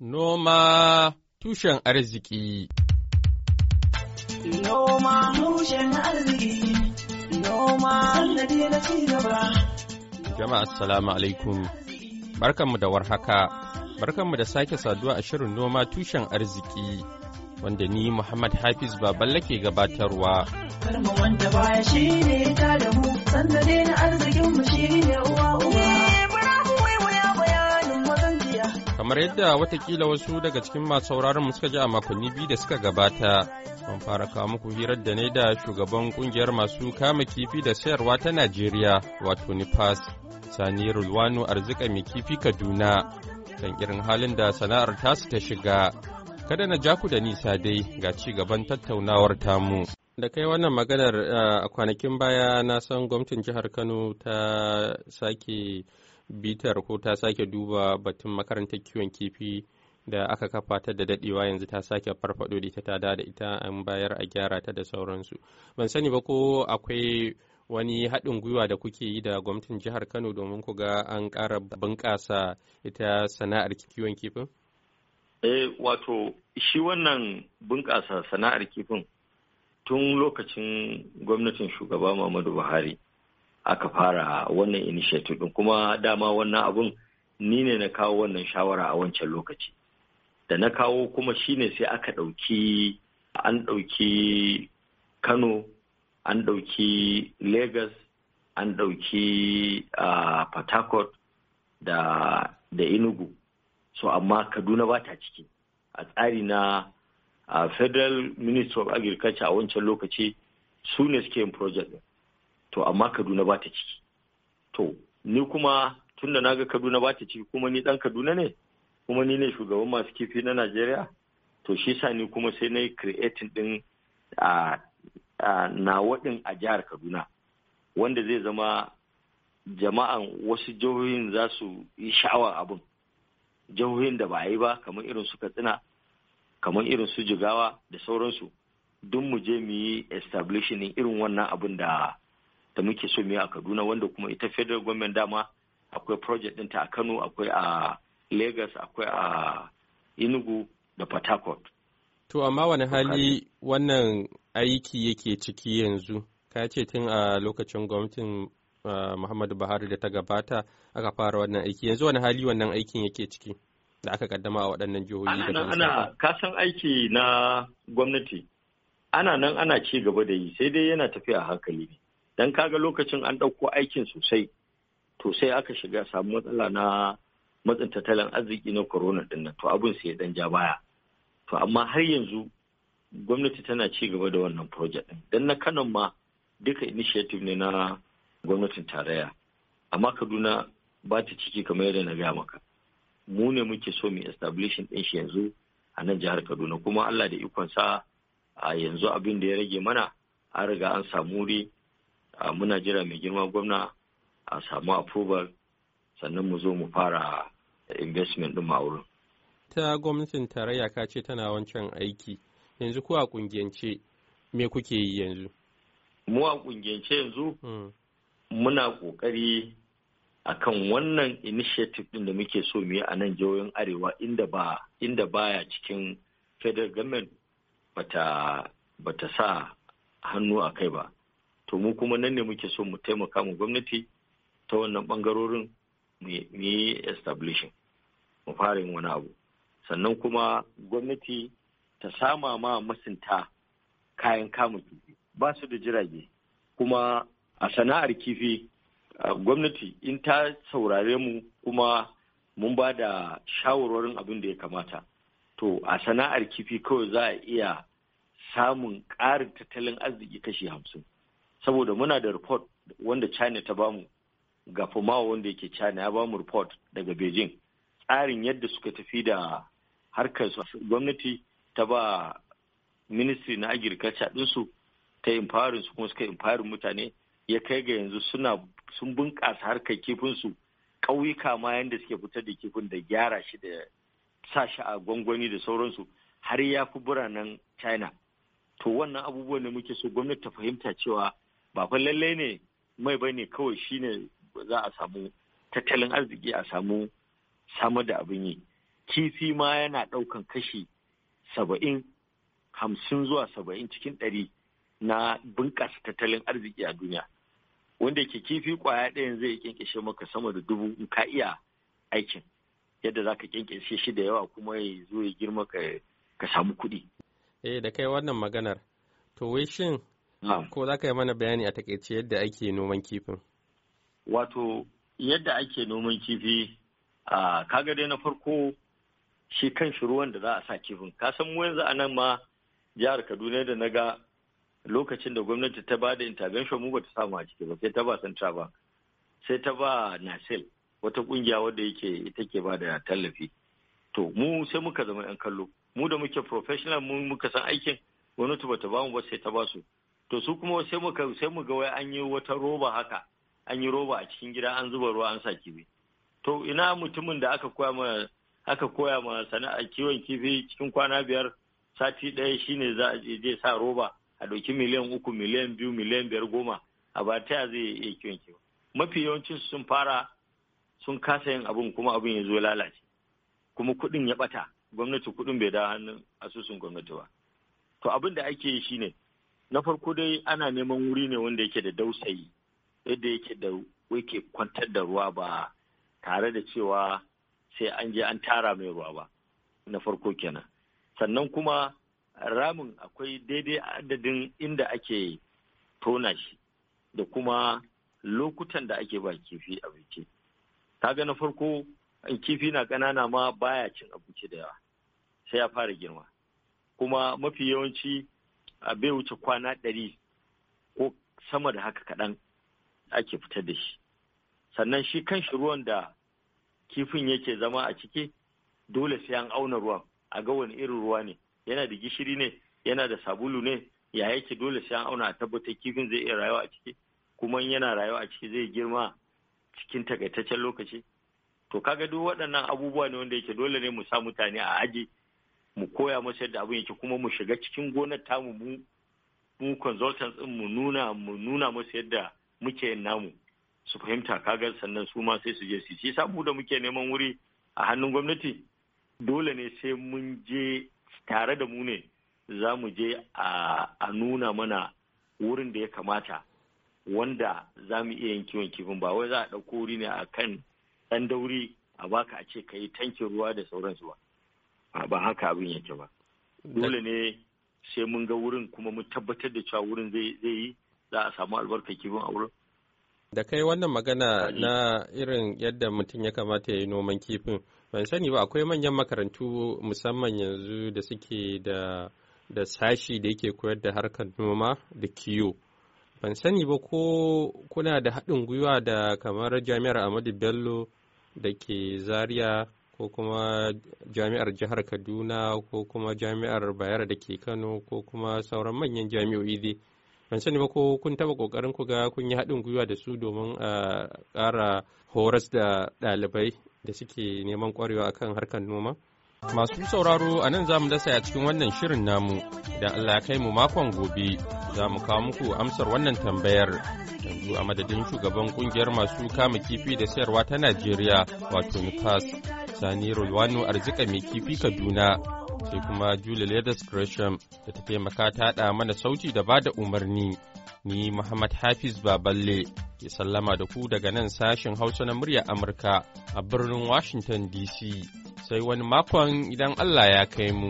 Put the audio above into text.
Noma tushen arziki Noma tushen arziki Noma sannadi na gaba. Jama'a assalamu alaikum Barkanmu da warhaka Barkanmu da sake saduwa a shirin noma tushen arziki wanda ni Muhammad Hafiz Baballe ke gabatarwa Karma wanda baya shi ne ta da mu sannadi na arzikinmu shi ne uwa uwa kamar yadda watakila wasu daga cikin masu sauraron suka ji a makonni biyu da suka gabata mun fara kawo muku hirar da ne da shugaban kungiyar masu kama kifi da sayarwa ta najeriya wato nipas sani rulwano arzika mai kifi kaduna kan irin halin da sana'ar tasu ta shiga kada na ja ku da nisa dai ga ci gaban tattaunawar tamu da kai wannan maganar a kwanakin baya na san gwamnatin jihar kano ta sake bitar ko ta sake duba batun makarantar kiwon kifi da aka kafa ta da dadewa yanzu ta sake farfado da ita ta da da ita an bayar a gyara ta da sauransu ban sani ba ko akwai wani haɗin gwiwa da kuke yi da gwamnatin jihar kano domin ku ga an ƙara bunƙasa ita sana'ar kiwon kifin eh wato shi wannan bunƙasa sana'ar kifin tun lokacin gwamnatin shugaba muhammadu buhari aka fara wannan initiative din kuma dama wannan abun ni ne na kawo wannan shawara a wancan lokaci da na kawo kuma shine sai aka ɗauki an ɗauki kano an ɗauki lagos an ɗauki port harcourt da da inugu so amma kaduna ba ta ciki a tsari na federal ministry of agriculture a wancan lokaci su ne suke yin project din to amma kaduna ba ta ciki to ni kuma tunda na ga kaduna ba ta ciki kuma ni dan kaduna ne kuma ni ne shugaban masu kifi na najeriya to shi sa ni kuma sai na yi creating din a na waɗin a jihar kaduna wanda zai zama jama'an wasu jihohin za su yi sha'awar abin jihohin da ba a yi ba kamar irin su katsina kamar irin su jigawa da sauransu duk mu je mu yi establishing irin wannan abin da da muke so mu a Kaduna wanda kuma ita federal government dama akwai project ɗinta a Kano akwai a Lagos akwai a Enugu da Port Harcourt. To amma wani hali wannan aiki yake ciki yanzu ka ce tun a lokacin gwamnatin Muhammadu Buhari da ta gabata aka fara wannan aiki yanzu wani hali wannan aikin yake ciki da aka kaddama a waɗannan jihohi da ana kasan aiki na gwamnati ana nan ana ci gaba da yi sai dai yana tafiya a hankali ne dan kaga lokacin an ɗauko aikin sosai to sai aka shiga samu matsala na matsin tattalin arziki na corona din nan to abin sai dan ja baya to amma har yanzu gwamnati tana ci gaba da wannan project din dan na kanon ma duka initiative ne na gwamnatin tarayya amma kaduna ba ta ciki kamar yadda na gaya maka mu ne muke so mu establish din shi yanzu a nan jihar kaduna kuma allah da ikon sa a yanzu abin da ya rage mana an riga an samu ri. a ah, muna jira mai girma gwamna a samu approval sannan mu zo mu fara investment din wurin. ta gwamnatin tarayya ka ce tana wancan aiki yanzu ko a kungiyance me kuke yi yanzu mu a kungiyance yanzu hmm. muna kokari akan wannan initiative din da muke so mu yi a nan jihohin arewa inda ba inda baya cikin federal government bata bata sa hannu a kai ba to mu kuma nan ne muke so mu taimaka mu gwamnati ta wannan bangarorin mu yi establishing mu fara yin wani abu sannan kuma gwamnati ta sama ma masinta kayan kama kifi ba su da jirage kuma a sana'ar kifi gwamnati in ta saurare mu kuma mun ba da shawarwarin abin da ya kamata to a sana'ar kifi kawai za a iya samun ƙarin tattalin arziki kashi hamsin saboda muna da report wanda china ta bamu ga fumawa wanda yake china ya bamu report daga beijing tsarin yadda suka tafi da harkar gwamnati ta ba ministry na agriculture ɗinsu ta empowerin su kuma suka empowerin mutane ya kai ga yanzu suna sun bunƙasa harkar kifinsu ƙauyuka ma yadda suke fitar da kifin da gyara shi da sa shi a gwangwani da sauransu har ya fi biranen china to wannan abubuwan ne muke so gwamnati ta fahimta cewa ba fa lalle ne mai bane kawai shine za a samu tattalin arziki a samu samar da abin yi kifi ma yana ɗaukan kashi saba'in hamsin zuwa saba'in cikin ɗari na bunƙasa tattalin arziki a duniya wanda ke kifi kwaya ɗayan zai kyankyashe maka sama da dubu in ka iya aikin yadda za ka kyankyashe shi da yawa kuma ya zo ya girma ka samu kuɗi. eh da kai wannan maganar to wai shin Ko za ka yi mana bayani a takaice yadda ake noman kifin? Wato, yadda ake noman kifi, a kaga dai na farko shi kan shi ruwan da za a sa kifin. Ka san mu yanzu a nan ma jihar Kaduna da na ga lokacin da gwamnati ta ba da intervention mu ba ta samu a ciki ba sai ta ba Central Bank sai ta ba Nasel wata kungiya wadda yake ita ke ba da tallafi. To mu sai muka zama 'yan kallo. Mu da muke professional mu muka san aikin gwamnati bata ta ba mu ba sai ta ba su. to su kuma sai mu sai mu ga wai an yi wata roba haka an yi roba a cikin gida an zuba ruwa an sa kifi to ina mutumin da aka koya ma aka koya ma sana'a kiwon kifi cikin kwana biyar sati ɗaya shine za a je sa roba a ɗauki miliyan uku miliyan biyu miliyan biyar goma a ba ta zai iya kiwon kifi mafi yawancin sun fara sun kasa yin abin kuma abin ya zo lalace kuma kuɗin ya ɓata gwamnati kuɗin bai da hannun asusun gwamnati ba to abin da ake yi shine na farko dai ana neman wuri ne wanda yake da dausayi yadda yake da ke kwantar da ruwa ba tare da cewa sai an je an tara mai ruwa ba na farko kenan sannan kuma ramin akwai daidai adadin inda ake tona shi da kuma lokutan da ake ba kifi abinci kaga na farko kifi na ƙanana ma baya cin abinci da yawa sai ya fara girma kuma mafi yawanci bai wuce kwana ɗari ko sama da haka kaɗan ake fita da shi sannan shi kan shi ruwan da kifin yake zama a ciki dole sai an auna ruwan a ga wani irin ruwa ne yana da gishiri ne yana da sabulu ne ya yake dole sai an auna a tabbatar kifin zai iya rayuwa a ciki kuma yana rayuwa a ciki zai girma cikin takaitaccen lokaci to kaga duk waɗannan abubuwa ne wanda yake dole ne mu sa mutane a aji mu koya musu yadda abin yake kuma mu shiga cikin gonar tamu mu mu consultants din mu nuna mu nuna musu yadda muke yin namu su fahimta kaga sannan su ma sai su je su shi sabu da muke neman wuri a hannun gwamnati dole ne sai mun je tare da mu ne za mu je a nuna mana wurin da ya kamata wanda za mu iya yin kiwon kifin ba wai za a ɗauko wuri ne a kan ɗan dauri a baka a ce ka yi tankin ruwa da sauransu ba ba haka abin yake ba dole ne sai mun ga wurin kuma mun tabbatar da cewa wurin zai yi za a samu albarkar kifin a wurin da kai wannan magana na irin yadda mutum ya kamata ya yi noman kifin ban sani ba akwai manyan makarantu musamman yanzu da suke da da sashi da yake koyar da harkar noma da kiyo ban sani ba ko kuna da haɗin gwiwa da kamar jami'ar ahmadu bello da ke zaria ko kuma jami'ar jihar kaduna ko kuma jami'ar bayar da ke kano ko kuma sauran manyan jami'o'i dai ban sani ba ko kun taba kokarin ku ga kun yi haɗin gwiwa da su domin a ƙara horas da ɗalibai da suke neman ƙwarewa akan harkar noma masu sauraro a nan za mu dasa a cikin wannan shirin namu idan allah ya kai mu makon gobe za mu kawo muku amsar wannan tambayar yanzu a madadin shugaban kungiyar masu kama kifi da sayarwa ta najeriya wato nipas Sani Rulwano Arzika mai kifi Kaduna, sai kuma Julie Leathers Gresham da ta taimaka taɗa mana sauti da ba da umarni. Ni Muhammad Hafiz Baballe ke sallama da ku daga nan sashen Hausa na murya Amurka a birnin Washington DC. Sai wani makon idan Allah ya kai mu.